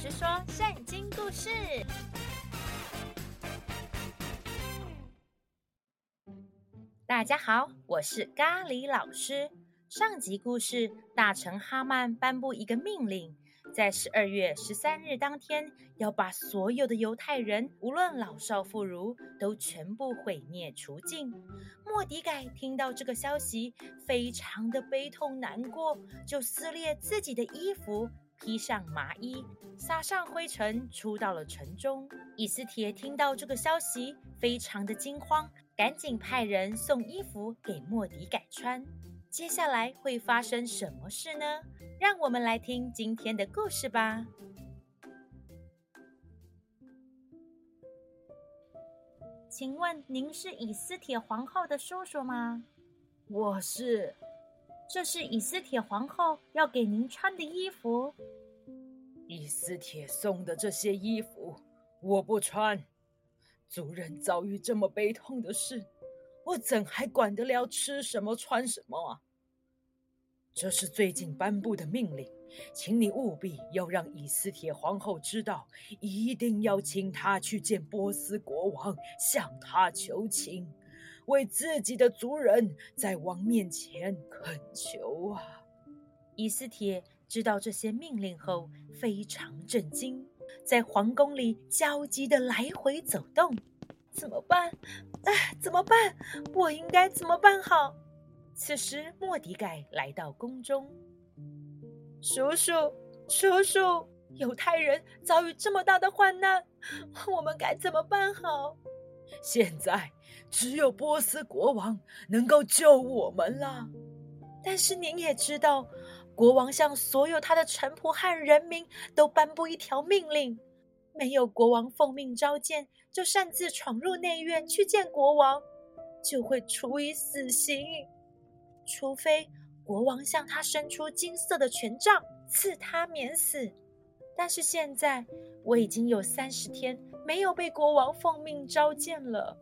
是說聖經故事。大家好，我是咖哩老師。上集故事，大臣哈曼頒布一個命令，在十二月十三日當天，要把所有的猶太人，無論老少婦孺，都全部毀滅除盡。末底改聽到這個消息，非常的悲痛難過，就撕裂自己的衣服。披上麻衣，撒上灰塵，出到了城中。以斯帖聽到這個消息，非常的驚慌，趕緊派人送衣服給末底改穿。接下來會發生什麼事呢？讓我們來聽今天的故事吧。請問您是以斯帖皇後的叔叔嗎？我是。這是以斯帖皇后要給您穿的衣服。以斯帖送的這些衣服，我不穿。族人遭遇這麼悲痛的事，我怎還管得了吃什麼穿什麼啊？這是最近頒布的命令，請你務必要讓以斯帖皇后知道，一定要請她去見波斯國王，向他求情。為自己的族人在王面前懇求啊！以斯帖知道這些命令後非常震驚，在皇宮裡焦急地來回走動。怎麼辦？哎，怎麼辦？我應該怎麼辦好？此時，末底改來到宮中。叔叔，叔叔，猶太人遭遇這麼大的患難，我們該怎麼辦好？現在只有波斯國王能夠救我們了，但是您也知道，國王向所有他的臣僕和人民都頒布一條命令：沒有國王奉命召見，就擅自闖入內院去見國王，就會處以死刑，除非國王向他伸出金色的權杖，賜他免死。但是現在我已經有三十天沒有被國王奉命召見了。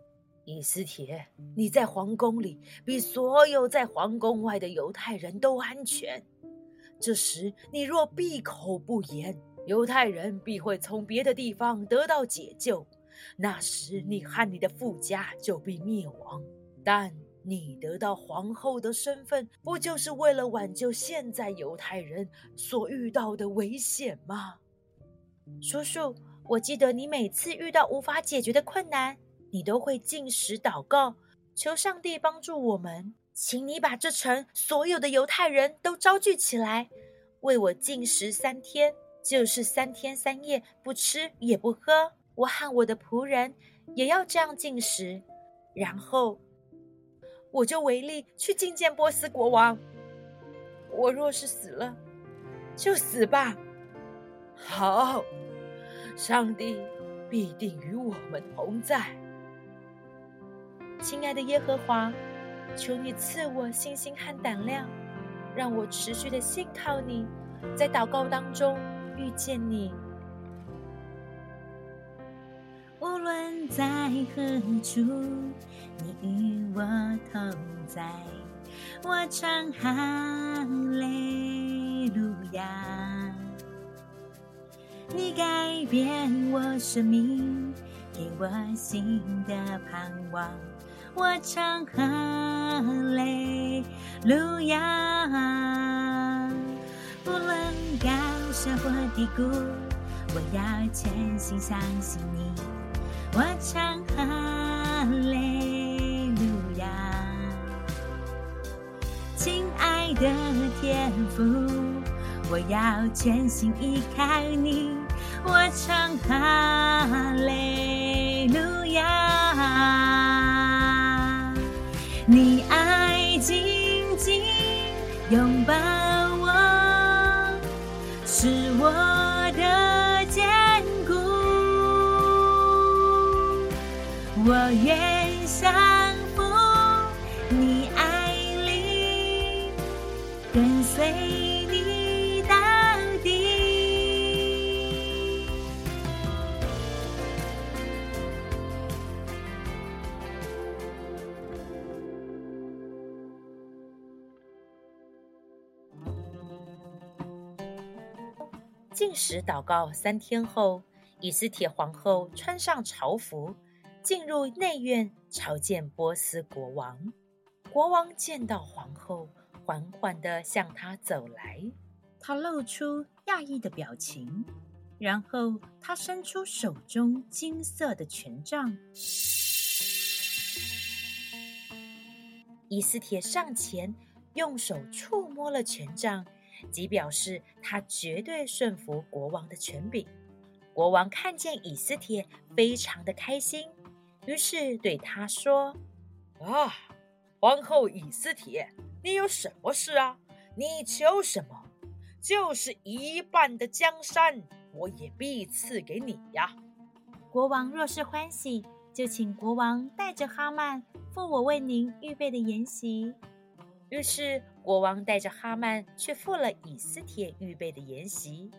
以斯帖，你在皇宮裡比所有在皇宮外的猶太人都安全。這時你若閉口不言，猶太人必會從別的地方得到解救，那時你和你的父家就被滅亡。但你得到皇後的身份，不就是為了挽救現在猶太人所遇到的危險嗎，叔叔？我記得你每次遇到無法解決的困難，你都會禁食禱告，求上帝幫助我們。請你把這城所有的猶太人都招聚起來，為我禁食三天，就是三天三夜，不吃也不喝。我和我的僕人也要這樣禁食，然後我就違例去覲見波斯國王。我若是死了，就死吧。好。上帝必定與我們同在。親愛的耶和華，求你賜我信心和膽量，讓我持續的信靠你，在禱告當中遇見你。無論在何處，你與我同在，我唱哈利路亞。你改變我生命，給我新的盼望。我唱哈利路亞， 不論高聲或低谷，我要全心相信你。我唱哈利路亞，親 愛的天父。我要全心依靠你，我唱哈利路亞。你愛緊緊擁抱我，是我的堅固。我願降服，你愛裡跟隨。禁食禱告三天後，以斯帖皇后穿上朝服，進入內院朝見波斯國王。國王見到皇後，緩緩地向她走來，他露出訝異的表情，然後他伸出手中金色的權杖。以斯帖上前，用手觸摸了權杖。即表示他絕對順服國王的權柄。國王看見以斯帖，非常的開心，於是對他說：“啊，王后以斯帖，你有什麼事啊？你求什麼？就是一半的江山，我也必賜給你呀、啊。國王若是歡喜，就請國王帶着哈曼赴我為您預備的筵席。”於是，國王帶着哈曼去赴了以斯帖預備的宴席。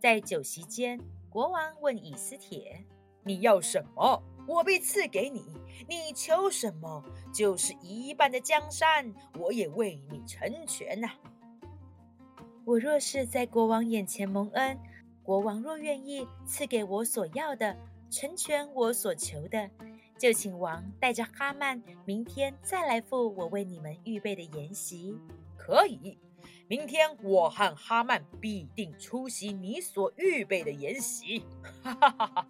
在酒席間，國王問以斯帖：“你要什麼？我必賜給你。你求什麼？就是一半的江山，我也為你成全吶、啊。我若是在國王眼前蒙恩，國王若願意賜給我所要的，成全我所求的。”就請王帶着哈曼明天再來赴我為你們預備的宴席。可以，明天我和哈曼必定出席你所預備的宴席。哈哈哈哈！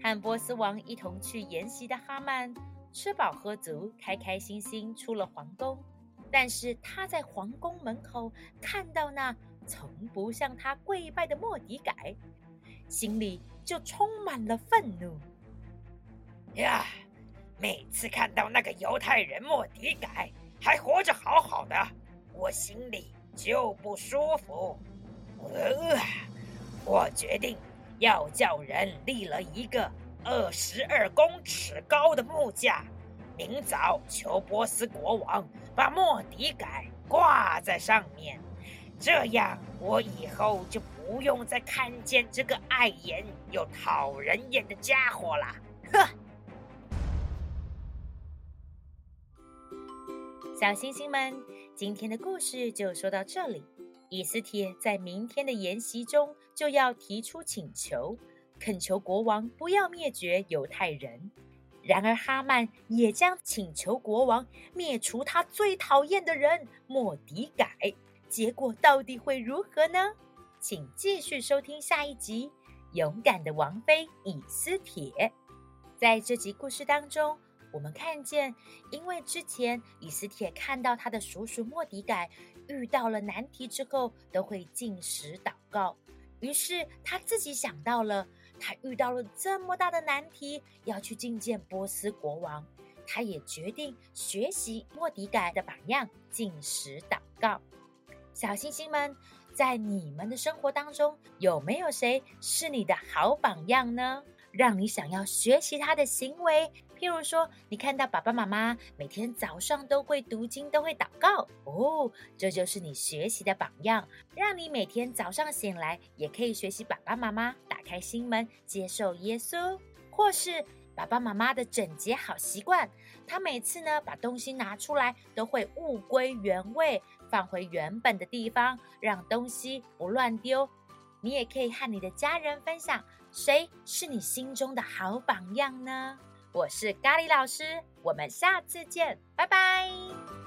和波斯王一同去宴席的哈曼吃飽喝足，開開心心出了皇宮。但是他在皇宮門口看到那從不向他跪拜的末底改，心裡就充滿了憤怒。呀，啊，每次看到那個猶太人莫迪改還活着好好的，我心裡就不舒服。呃，我決定要叫人立了一個二十二公尺高的木架，明早求波斯國王把莫迪改掛在上面，這樣我以後就不用再看見這個礙眼又討人厭的家伙了。呵。小星星們，今天的故事就說到這裡。以斯帖在明天的宴席中就要提出請求，懇求國王不要滅絕猶太人。然而哈曼也將請求國王滅除他最討厭的人末底改。結果到底會如何呢？請繼續收聽下一集《勇敢的王妃以斯帖》。在這集故事當中。我們看見，因為之前以斯帖看到他的叔叔末底改遇到了難題之後，都會禁食禱告。於是他自己想到了，他遇到了這麼大的難題，要去覲見波斯國王，他也決定學習末底改的榜樣，禁食禱告。小星星們，在你們的生活當中，有沒有誰是你的好榜樣呢？讓你想要學習他的行為？例如說，你看到爸爸媽媽每天早上都會讀經，都會禱告哦，這就是你學習的榜樣，讓你每天早上醒來也可以學習爸爸媽媽打開心門接受耶穌，或是爸爸媽媽的整潔好習慣，他每次呢把東西拿出來都會物歸原位，放回原本的地方，讓東西不亂丟。你也可以和你的家人分享，誰是你心中的好榜樣呢？我是咖哩老師，我們下次見，拜拜。